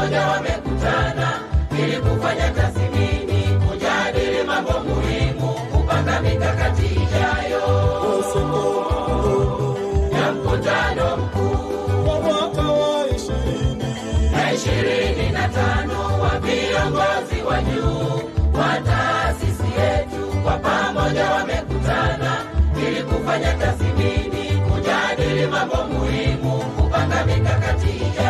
pamoja wamekutana ili kufanya tathmini, kujadili mambo muhimu, kupanga mikakati ijayo ya mkutano mkuu na ishirini na tano wa viongozi wa juu wa taasisi yetu kwa pamoja wamekutana ili kufanya tathmini, kujadili mambo muhimu, kupanga mikakati ijayo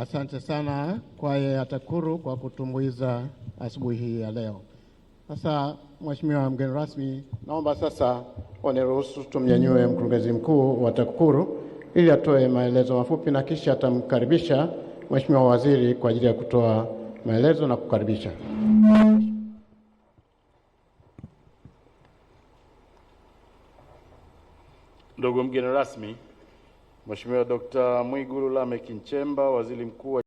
Asante sana kwaya ya TAKUKURU kwa kutumbuiza asubuhi hii ya leo. Sasa Mheshimiwa mgeni rasmi, naomba sasa waniruhusu tumnyanyue mkurugenzi mkuu wa TAKUKURU ili atoe maelezo mafupi na kisha atamkaribisha Mheshimiwa waziri kwa ajili ya kutoa maelezo na kukaribisha. Ndugu mgeni rasmi Mheshimiwa Dr. Mwigulu Lameck Nchemba, Waziri Mkuu